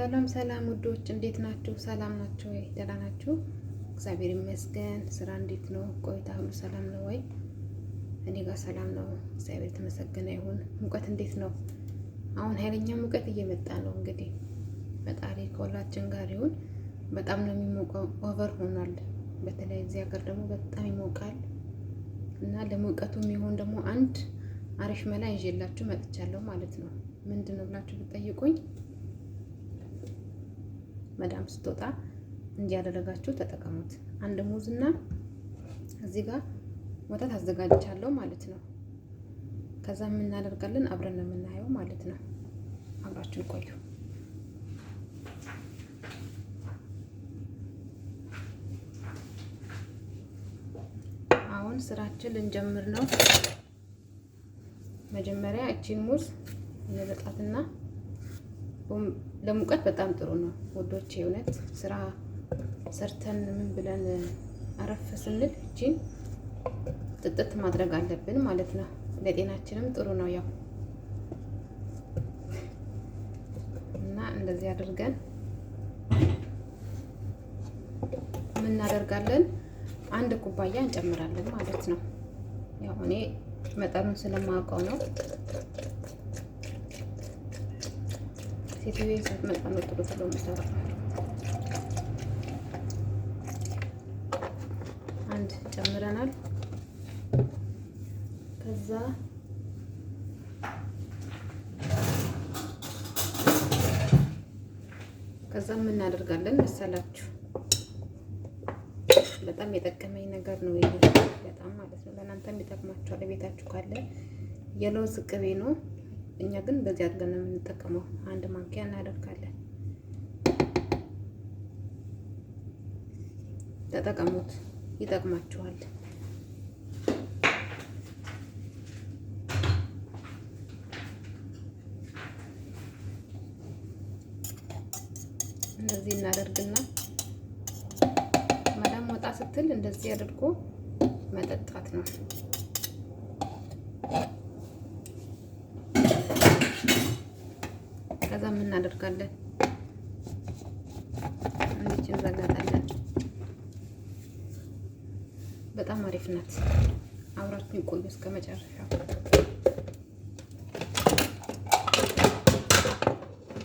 ሰላም ሰላም ውዶች እንዴት ናችሁ? ሰላም ናችሁ ወይ? ደህና ናችሁ? እግዚአብሔር ይመስገን። ስራ እንዴት ነው? ቆይታ ሁሉ ሰላም ነው ወይ? እኔ ጋር ሰላም ነው፣ እግዚአብሔር የተመሰገነ ይሁን። ሙቀት እንዴት ነው? አሁን ኃይለኛ ሙቀት እየመጣ ነው። እንግዲህ ፈጣሪ ከሁላችን ጋር ይሁን። በጣም ነው የሚሞቀው፣ ኦቨር ሆኗል። በተለይ እዚህ ሀገር ደግሞ በጣም ይሞቃል እና ለሙቀቱ የሚሆን ደግሞ አንድ አሪፍ መላ ይዤላችሁ መጥቻለሁ ማለት ነው። ምንድን ነው ብላችሁ ብትጠይቁኝ መዳም ስትወጣ እንዲያደረጋችሁ ተጠቀሙት። አንድ ሙዝ እና እዚህ ጋር ወተት አዘጋጅቻለሁ ማለት ነው። ከዛ የምናደርጋለን አብረን ነው የምናየው ማለት ነው። አብራችን ቆዩ። አሁን ስራችን ልንጀምር ነው። መጀመሪያ እቺን ሙዝ እንበጣትና ለሙቀት በጣም ጥሩ ነው ውዶቼ። እውነት ስራ ሰርተን ምን ብለን አረፍ ስንል እጅን ጥጥት ማድረግ አለብን ማለት ነው። ለጤናችንም ጥሩ ነው ያው እና እንደዚህ አድርገን ምን እናደርጋለን? አንድ ኩባያ እንጨምራለን ማለት ነው። ያው እኔ መጠኑን ስለማውቀው ነው ጊዜ መጣመጥ ጥሩ ብሎ መሰራ አንድ ጨምረናል። ከዛ ከዛ ምን እናደርጋለን መሰላችሁ? በጣም የጠቀመኝ ነገር ነው ይሄ በጣም ማለት ነው። ለእናንተም ይጠቅማችኋል። ቤታችሁ ካለ የለውዝ ቅቤ ነው። እኛ ግን በዚህ አድርገን ነው የምንጠቀመው። አንድ ማንኪያ እናደርጋለን። ተጠቀሙት፣ ይጠቅማችኋል። እንደዚህ እናደርግና መዳም ወጣ ስትል እንደዚህ አድርጎ መጠጣት ነው። ከዛ ምን እናደርጋለን? እንዴት እንዘጋታለን። በጣም አሪፍ ናት። አብራችሁ ቆዩ እስከ መጨረሻው።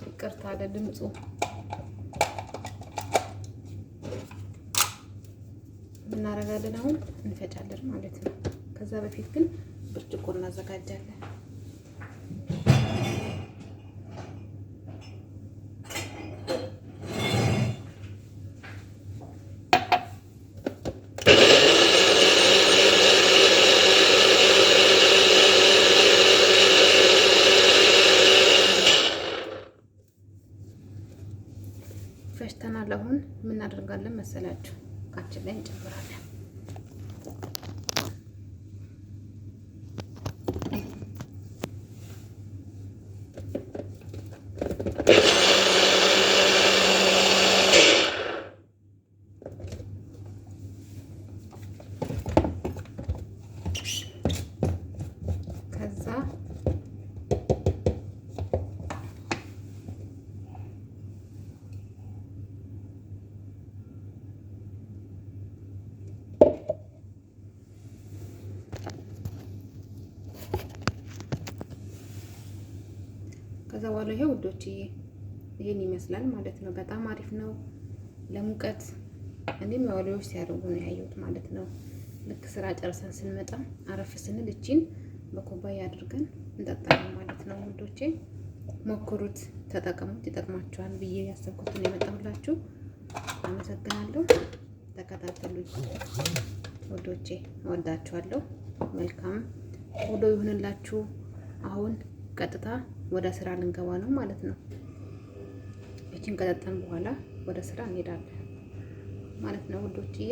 ይቅርታ አለ ድምፁ እናደርጋለን። አሁን እንፈጫለን ማለት ነው። ከዛ በፊት ግን ብርጭቆ እናዘጋጃለን። ይሆናል። አሁን የምናደርጋለን መሰላችሁ እቃችን ላይ እንጨምራለን። ከዛ በኋላ ይሄ ውዶችዬ ይሄን ይመስላል ማለት ነው። በጣም አሪፍ ነው ለሙቀት። እኔም ያው ልጆች ሲያደርጉ ነው ያየሁት ማለት ነው። ልክ ስራ ጨርሰን ስንመጣ አረፍ ስንል እቺን በኩባያ አድርገን እንጠጣለን ማለት ነው ውዶቼ። ሞክሩት፣ ተጠቀሙት፣ ይጠቅማችኋል ብዬ ያሰብኩትን የመጣሁላችሁ። አመሰግናለሁ። ተከታተሉኝ ውዶቼ፣ እወዳችኋለሁ። መልካም ውሎ ይሁንላችሁ። አሁን ቀጥታ ወደ ስራ ልንገባ ነው ማለት ነው። እችን ከጠጣን በኋላ ወደ ስራ እንሄዳለን ማለት ነው ውዶችዬ።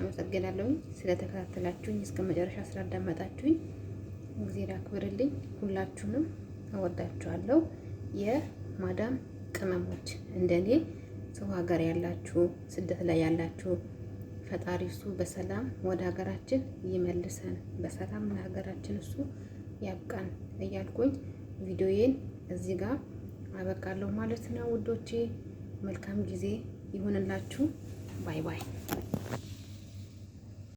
አመሰግናለሁኝ ስለተከታተላችሁኝ እስከ መጨረሻ ስላዳመጣችሁኝ እግዜር ያክብርልኝ። ሁላችሁንም እወዳችኋለሁ። የማዳም ቅመሞች እንደኔ ሰው ሀገር ያላችሁ ስደት ላይ ያላችሁ ፈጣሪ እሱ በሰላም ወደ ሀገራችን ይመልሰን፣ በሰላም ለሀገራችን እሱ ያብቃን እያልኩኝ ቪዲዮዬን እዚህ ጋር አበቃለሁ ማለት ነው ውዶቼ። መልካም ጊዜ ይሁንላችሁ። ባይ ባይ።